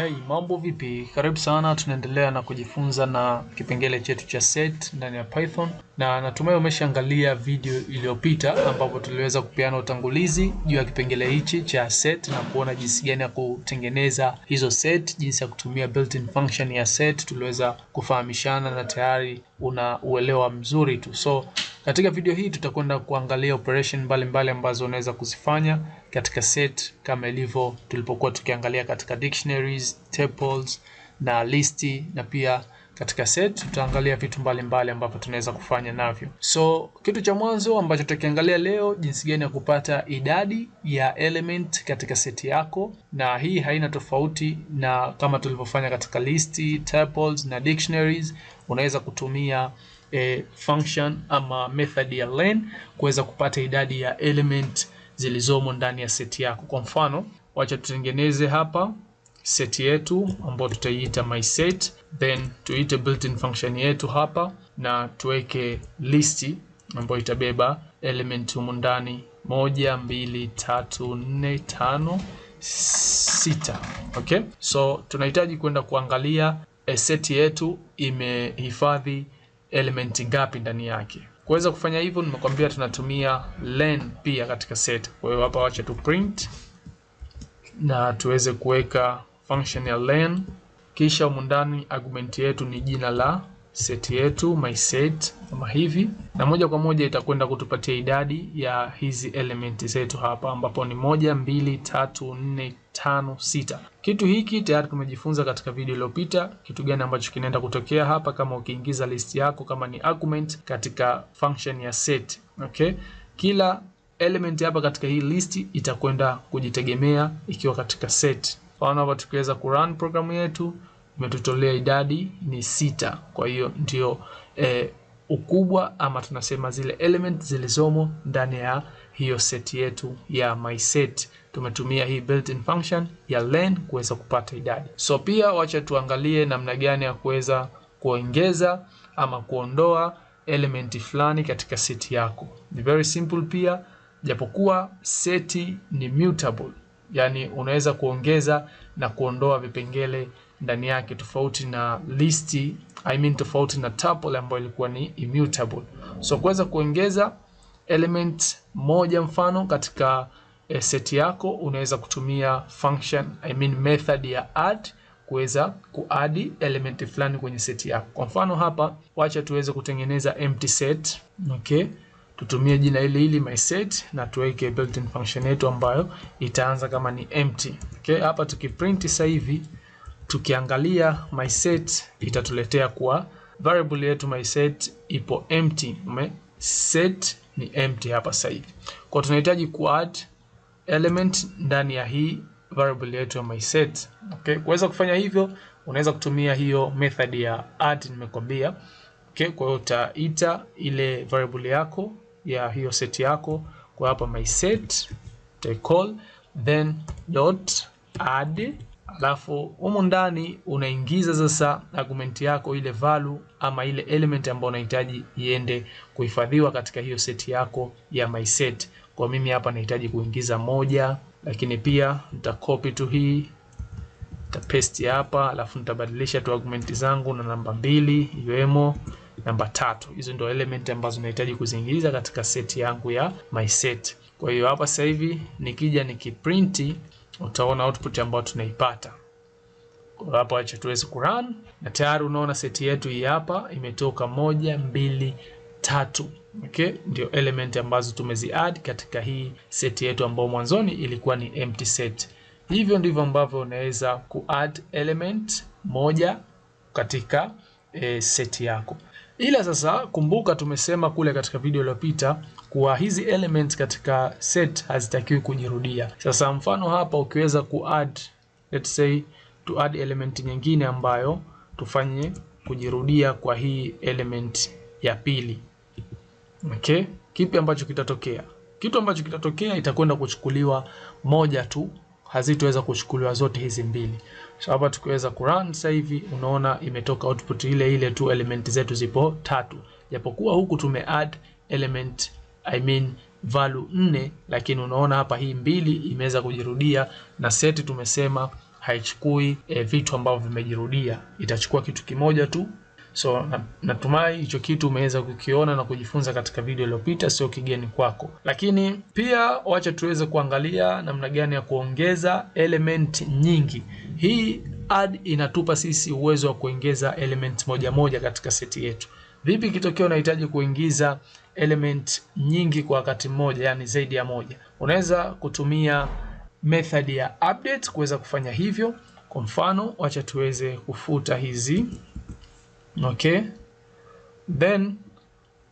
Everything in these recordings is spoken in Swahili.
Hey, mambo vipi? Karibu sana, tunaendelea na kujifunza na kipengele chetu cha set ndani ya Python, na natumai umeshaangalia video iliyopita ambapo tuliweza kupeana utangulizi juu ya kipengele hichi cha set na kuona jinsi gani ya kutengeneza hizo set, jinsi ya kutumia built-in function ya set. Tuliweza kufahamishana na tayari una uelewa mzuri tu. So katika video hii tutakwenda kuangalia operation mbalimbali ambazo unaweza kuzifanya katika set kama ilivyo tulipokuwa tukiangalia katika dictionaries, tuples na listi, na pia katika set tutaangalia vitu mbalimbali ambavyo tunaweza kufanya navyo. So kitu cha mwanzo ambacho tutakiangalia leo, jinsi gani ya kupata idadi ya element katika seti yako, na hii haina tofauti na kama tulivyofanya katika listi, tuples na dictionaries. Unaweza kutumia e, function ama method ya len kuweza kupata idadi ya element zilizomo ndani ya seti yako. Kwa mfano, wacha tutengeneze hapa seti yetu ambayo tutaiita my set, then tuite built-in function yetu hapa na tuweke listi ambayo itabeba element humu ndani moja, mbili, tatu, nne, tano, sita. Okay, so tunahitaji kwenda kuangalia eh, seti yetu imehifadhi element ngapi ndani yake. Kuweza kufanya hivyo nimekwambia tunatumia len pia katika set. Kwa hiyo hapa wacha tu print na tuweze kuweka function ya len, kisha humu ndani argument yetu ni jina la set yetu my set kama hivi, na moja kwa moja itakwenda kutupatia idadi ya hizi elementi zetu hapa, ambapo ni moja, mbili, tatu, nne, tano, sita. Kitu hiki tayari tumejifunza katika video iliyopita, kitu gani ambacho kinaenda kutokea hapa kama ukiingiza list yako kama ni argument katika function ya set. Okay, kila element hapa katika hii list itakwenda kujitegemea ikiwa katika set. Kwa hivyo tukiweza kurun programu yetu umetutolea idadi ni sita. Kwa hiyo ndio e, ukubwa ama tunasema zile element zilizomo ndani ya hiyo set yetu ya mySet. Tumetumia hii built-in function ya len kuweza kupata idadi. So pia wacha tuangalie namna gani ya kuweza kuongeza ama kuondoa elementi fulani katika seti yako. Ni very simple pia, japokuwa seti ni mutable, yani unaweza kuongeza na kuondoa vipengele ndani yake, tofauti na list, I mean, tofauti na tuple ambayo ilikuwa ni immutable. So kuweza kuongeza element moja mfano katika eh, set yako unaweza kutumia function I mean, method ya add kuweza kuadi element fulani kwenye set yako. Kwa mfano hapa, wacha tuweze kutengeneza empty set. Okay, tutumie jina ile ile my set na tuweke built-in function yetu ambayo itaanza kama ni empty. Okay, hapa tukiprint sasa hivi tukiangalia mySet itatuletea kuwa variable yetu mySet ipo empty. Ume set ni empty hapa sasa hivi. Kwa tunahitaji ku add element ndani ya hii variable yetu ya mySet. Okay, kuweza kufanya hivyo unaweza kutumia hiyo method ya add nimekwambia. Okay, kwa hiyo utaita ile variable yako ya hiyo set yako kwa hapa my set, take call then dot add alafu humu ndani unaingiza sasa argument yako ile value ama ile element ambayo unahitaji iende kuhifadhiwa katika hiyo seti yako ya my set. Kwa mimi hapa nahitaji kuingiza moja, lakini pia nita copy tu hii nita paste hapa, alafu nitabadilisha tu argument zangu na namba mbili iwemo namba tatu. Hizo ndio element ambazo nahitaji kuziingiza katika seti yangu ya my set. Kwa hiyo hapa sasa hivi nikija nikiprinti utaona output ambayo tunaipata. Kwa hapo acha tuweze ku run, na tayari unaona seti yetu hii hapa imetoka moja, mbili, tatu. Okay, ndio element ambazo tumezi add katika hii seti yetu ambayo mwanzoni ilikuwa ni empty set. Hivyo ndivyo ambavyo unaweza ku add element moja katika e, eh, seti yako. Ila sasa kumbuka, tumesema kule katika video iliyopita kuwa hizi elements katika set hazitakiwi kujirudia. Sasa mfano hapa ukiweza ku add, let's say to add element nyingine ambayo tufanye kujirudia kwa hii element ya pili. Okay? Kipi ambacho kitatokea? Kitu ambacho kitatokea itakwenda kuchukuliwa moja tu, hazitoweza kuchukuliwa zote hizi mbili. So hapa tukiweza kurun sasa hivi unaona imetoka output ile ile tu, element zetu zipo tatu, japokuwa huku tume add element I mean value nne, lakini unaona hapa hii mbili imeweza kujirudia, na seti tumesema haichukui e, vitu ambavyo vimejirudia, itachukua kitu kimoja tu. So natumai hicho kitu umeweza kukiona na kujifunza katika video iliyopita, sio kigeni kwako. Lakini pia wacha tuweze kuangalia namna gani ya kuongeza element nyingi. Hii add inatupa sisi uwezo wa kuongeza element moja moja katika seti yetu. Vipi ikitokea unahitaji kuingiza element nyingi kwa wakati mmoja, yani zaidi ya moja? Unaweza kutumia method ya update kuweza kufanya hivyo. Kwa mfano, wacha tuweze kufuta hizi. Okay. Then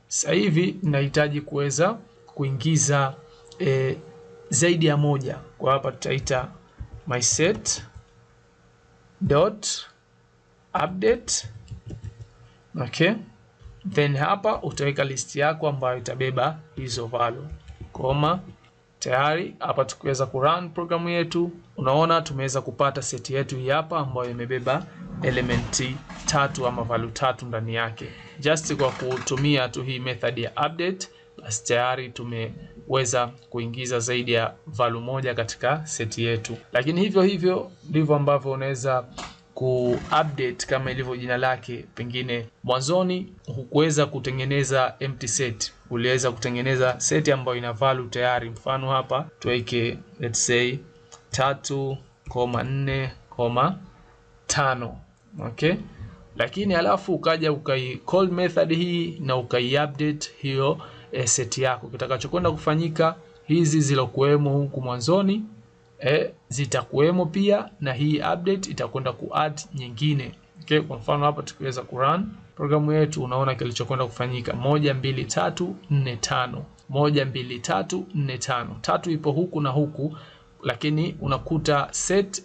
sasa hivi nahitaji kuweza kuingiza e, zaidi ya moja. Kwa hapa tutaita my set dot update. Okay then hapa utaweka list yako ambayo itabeba hizo value koma tayari hapa tukiweza kurun program yetu, unaona tumeweza kupata seti yetu hii hapa ambayo imebeba elementi tatu ama value tatu ndani yake. Just kwa kutumia tu hii method ya update, basi tayari tumeweza kuingiza zaidi ya value moja katika seti yetu. Lakini hivyo hivyo ndivyo ambavyo unaweza kuupdate kama ilivyo jina lake. Pengine mwanzoni hukuweza kutengeneza empty set, uliweza kutengeneza set ambayo ina value tayari. Mfano hapa tuweke let's say 3.4.5 okay, lakini alafu ukaja ukai call method hii na ukaiupdate hiyo eh, set yako. Kitakachokwenda kufanyika hizi zilokuwemo huku mwanzoni eh, zitakuwemo pia na hii update itakwenda ku add nyingine. Okay, kwa mfano hapa tukiweza ku run programu yetu, unaona kilichokwenda kufanyika moja mbili tatu nne tano moja mbili tatu nne tano tatu ipo huku na huku, lakini unakuta set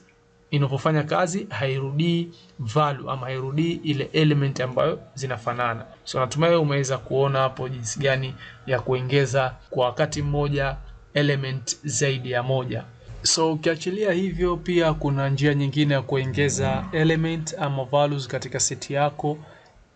inapofanya kazi hairudii value ama hairudii ile element ambayo zinafanana. So natumai umeweza kuona hapo jinsi gani ya kuongeza kwa wakati mmoja element zaidi ya moja. So ukiachilia hivyo, pia kuna njia nyingine ya kuongeza element ama values katika seti yako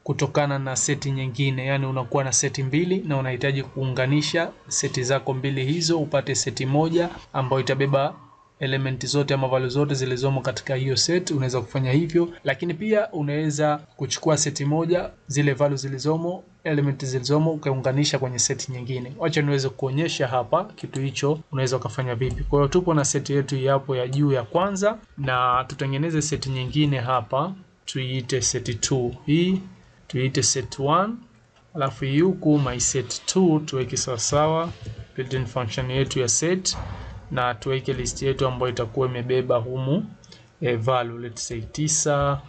kutokana na seti nyingine, yaani unakuwa na seti mbili na unahitaji kuunganisha seti zako mbili hizo upate seti moja ambayo itabeba elementi zote ama value zote zilizomo katika hiyo set, unaweza kufanya hivyo, lakini pia unaweza kuchukua seti moja zile value zilizomo element zilizomo ukaunganisha kwenye set nyingine. Wacha niweze kuonyesha hapa kitu hicho unaweza ukafanya vipi. Kwa hiyo tupo na seti yetu hapo ya juu ya kwanza, na tutengeneze seti nyingine hapa, tuiite set 2 hii tuiite set 1 alafu huku my set 2 tuweke sawasawa built-in function yetu ya set na tuweke list yetu ambayo itakuwa imebeba humu e, value let's say tisa,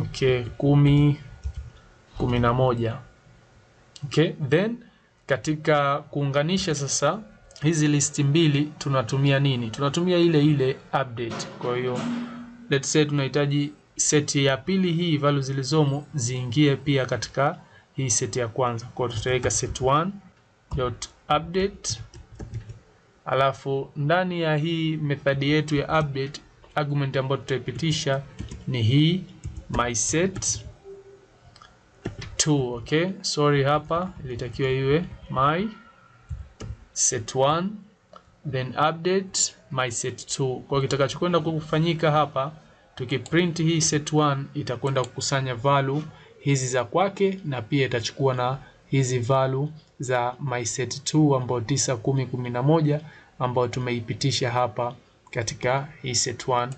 okay, kumi, kumi na moja. Okay, then katika kuunganisha sasa hizi listi mbili tunatumia nini? Tunatumia ile ile update. Kwa hiyo let's say tunahitaji seti ya pili hii value zilizomo ziingie pia katika hii seti ya kwanza. Kwa hiyo tutaweka set1 dot update alafu ndani ya hii methodi yetu ya update argument ambayo tutaipitisha ni hii myset two, okay? Sorry, hapa ilitakiwa iwe my set 1 then update my set 2. Kwa kitakachokwenda kufanyika hapa, tukiprint hii set 1 itakwenda kukusanya value hizi za kwake na pia itachukua na hizi value za my set 2 ambayo 9, 10, 11 ambayo tumeipitisha hapa katika hii set 1.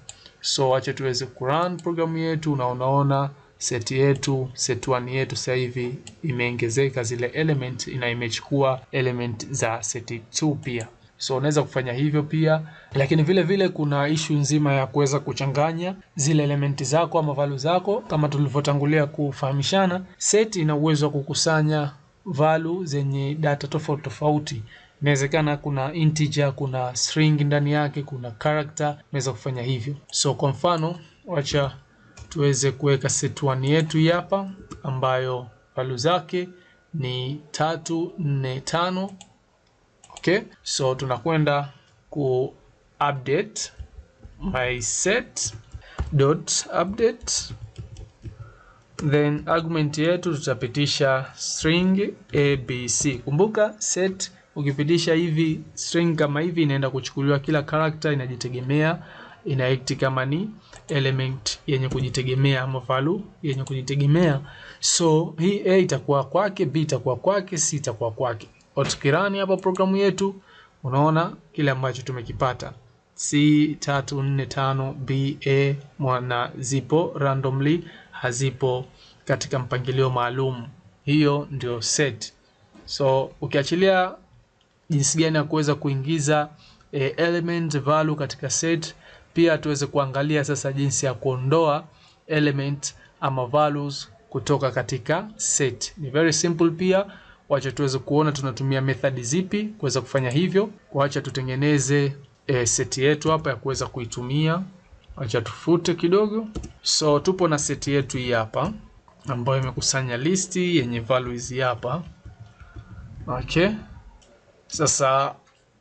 So acha tuweze kurun programu yetu, na unaona set yetu set 1 yetu sasa hivi imeongezeka zile element na imechukua element za set 2 pia. So unaweza kufanya hivyo pia, lakini vile vile kuna ishu nzima ya kuweza kuchanganya zile elementi zako ama value zako. Kama tulivyotangulia kufahamishana, set ina uwezo wa kukusanya value zenye data tofauti tofauti. Inawezekana kuna integer, kuna string ndani yake, kuna character, unaweza kufanya hivyo. So kwa mfano, wacha tuweze kuweka set 1 yetu hii hapa ambayo value zake ni 3 4 tano. Okay, so tunakwenda ku update my set dot update, then argument yetu tutapitisha string abc. Kumbuka set Ukipitisha hivi string kama hivi, inaenda kuchukuliwa, kila character inajitegemea, ina act kama ni element yenye kujitegemea ama value yenye kujitegemea. So hii a itakuwa kwake, b itakuwa kwake, c itakuwa kwake. Otukirani hapa programu yetu, unaona kile ambacho tumekipata C tatu nne tano B A mwana zipo randomly, hazipo katika mpangilio maalum. Hiyo ndio set. So ukiachilia jinsi gani ya kuweza kuingiza e, element value katika set. Pia tuweze kuangalia sasa jinsi ya kuondoa element ama values kutoka katika set. Ni very simple pia. Wacha tuweze kuona tunatumia method zipi kuweza kufanya hivyo. Wacha tutengeneze e, set yetu hapa ya kuweza kuitumia. Wacha tufute kidogo. So tupo na set yetu hii hapa ambayo imekusanya listi yenye values hapa. Okay. Sasa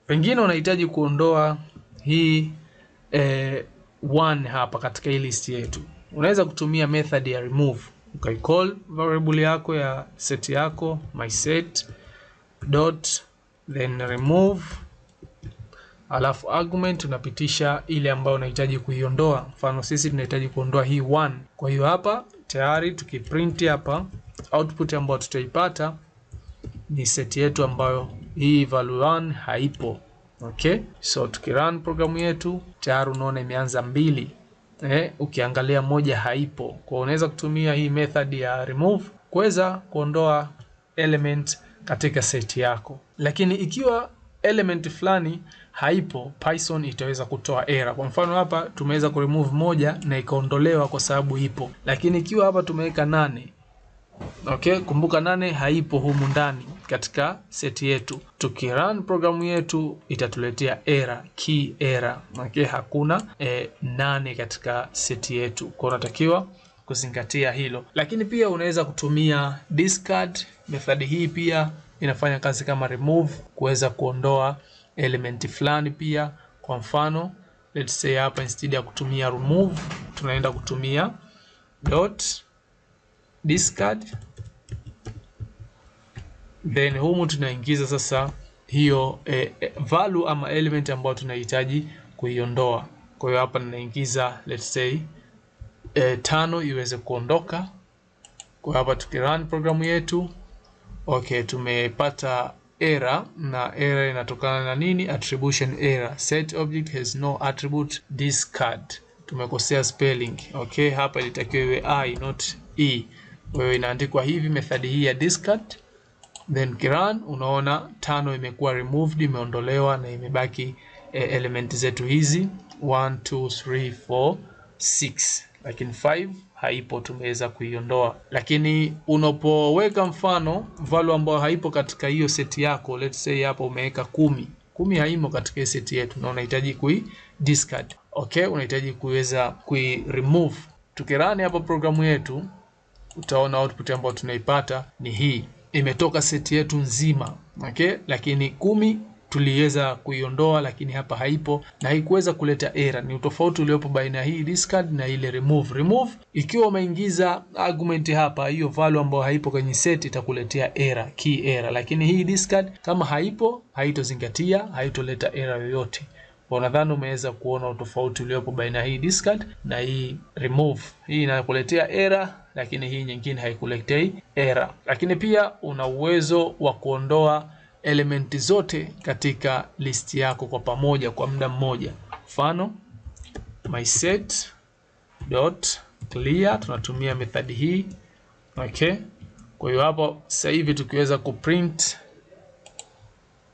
pengine unahitaji kuondoa hii eh, one hapa katika hii list yetu. Unaweza kutumia method ya remove ukaicall variable yako ya set yako myset dot then remove, alafu argument unapitisha ile ambayo unahitaji kuiondoa. Mfano sisi tunahitaji kuondoa hii one, kwa hiyo hapa tayari tukiprint hapa output ambayo tutaipata ni set yetu ambayo hii value 1 haipo. Okay, so tukirun programu yetu tayari unaona imeanza mbili. Eh, ukiangalia moja haipo. Kwa unaweza kutumia hii method ya remove kuweza kuondoa element katika seti yako, lakini ikiwa element fulani haipo, Python itaweza kutoa error. Kwa mfano hapa tumeweza kuremove moja na ikaondolewa kwa sababu ipo, lakini ikiwa hapa tumeweka nane Okay, kumbuka nane haipo humu ndani katika seti yetu. Tukirun programu yetu itatuletea error, key error. Okay, hakuna e, nane katika seti yetu. Kwa unatakiwa kuzingatia hilo. Lakini pia unaweza kutumia discard method hii pia inafanya kazi kama remove kuweza kuondoa element fulani pia. Kwa mfano, let's say hapa instead ya kutumia remove tunaenda kutumia dot discard then humu tunaingiza sasa hiyo e, e, value ama element ambayo tunahitaji kuiondoa. Kwa hiyo hapa ninaingiza let's say e, tano iweze kuondoka. Kwa hapa tukirun programu yetu, okay, tumepata error na error inatokana na nini? Attribution error, set object has no attribute discard. Tumekosea spelling. Okay, hapa ilitakiwa iwe i not e. Kwa hiyo inaandikwa hivi method hii ya discard, then kiran, unaona tano imekuwa removed, imeondolewa na imebaki e, element zetu hizi 1 2 3 4 6, lakini 5 haipo, tumeweza kuiondoa. Lakini unapoweka mfano value ambayo haipo katika hiyo seti yako, let's say hapo umeweka kumi kumi haimo katika seti yetu na unahitaji kui discard. Okay, unahitaji kuweza kui remove. Tukirani hapa programu yetu utaona output ambayo tunaipata ni hii, imetoka seti yetu nzima okay, lakini kumi tuliweza kuiondoa, lakini hapa haipo na haikuweza kuleta error. Ni utofauti uliopo baina ya hii discard na ile remove. Remove ikiwa umeingiza argument hapa, hiyo value ambayo haipo kwenye set itakuletea error, key error, lakini hii discard kama haipo haitozingatia, haitoleta error yoyote. Kwa Nadhani umeweza kuona utofauti uliopo baina ya hii discard na hii remove. Hii inakuletea error lakini hii nyingine haikuletei error. Lakini pia una uwezo wa kuondoa elementi zote katika listi yako kwa pamoja kwa muda mmoja. Mfano set dot clear tunatumia methodi hii okay. Kwa hiyo hapo sasa hivi tukiweza kuprint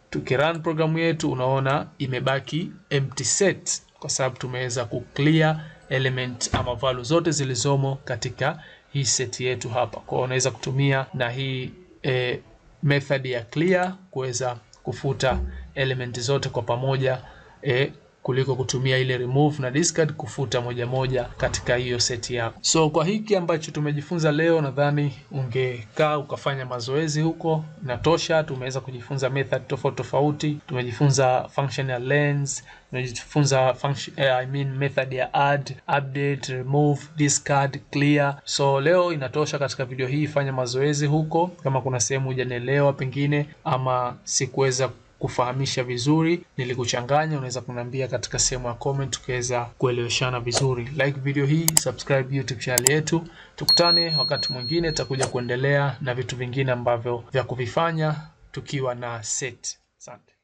tukirun programu yetu, unaona imebaki empty set kwa sababu tumeweza clear element ama value zote zilizomo katika hii seti yetu hapa. Kwa hiyo unaweza kutumia na hii e, method ya clear kuweza kufuta elementi zote kwa pamoja e, kuliko kutumia ile remove na discard kufuta moja moja katika hiyo seti yako. So kwa hiki ambacho tumejifunza leo, nadhani ungekaa ukafanya mazoezi huko, inatosha. Tumeweza kujifunza method tofauti tofauti, tumejifunza function ya lens, tumejifunza function, eh, I mean method ya add, update, remove, discard, clear. So leo inatosha katika video hii, fanya mazoezi huko, kama kuna sehemu hujanielewa pengine ama sikuweza kufahamisha vizuri, nilikuchanganya, unaweza kuniambia katika sehemu ya comment tukiweza kueleweshana vizuri. Like video hii, subscribe YouTube channel yetu. Tukutane wakati mwingine, tutakuja kuendelea na vitu vingine ambavyo vya kuvifanya tukiwa na set. Asante.